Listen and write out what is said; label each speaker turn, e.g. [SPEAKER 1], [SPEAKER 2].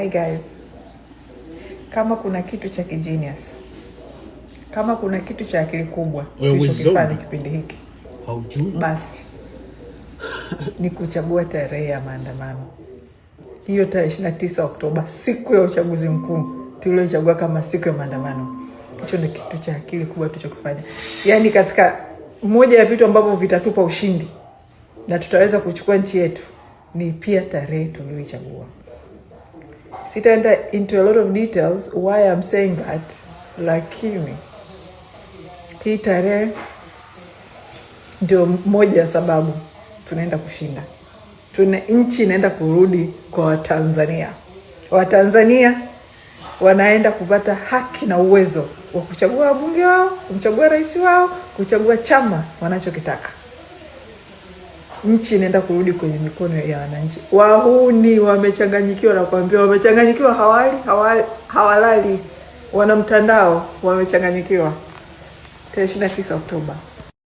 [SPEAKER 1] Hi guys, kama kuna kitu cha genius. kama kuna kitu cha akili kubwa
[SPEAKER 2] kilichofanya
[SPEAKER 1] kipindi hiki basi ni kuchagua tarehe ya maandamano hiyo, tarehe 29 Oktoba, siku ya uchaguzi mkuu tuliochagua kama siku ya maandamano. Hicho ni kitu cha akili kubwa tulichokifanya, yaani katika moja ya vitu ambavyo vitatupa ushindi na tutaweza kuchukua nchi yetu ni pia tarehe tuliyoichagua sitaenda into a lot of details why I'm saying that, lakini hii tarehe ndio moja ya sababu tunaenda kushinda. Tuna nchi inaenda kurudi kwa Watanzania. Watanzania wanaenda kupata haki na uwezo wa kuchagua wabunge wao, kumchagua rais wao, kuchagua chama wanachokitaka nchi inaenda kurudi kwenye mikono ya wananchi. Wahuni wamechanganyikiwa, nakwambia, wamechanganyikiwa, hawali hawali hawalali, wana mtandao wamechanganyikiwa. Tarehe 29 Oktoba.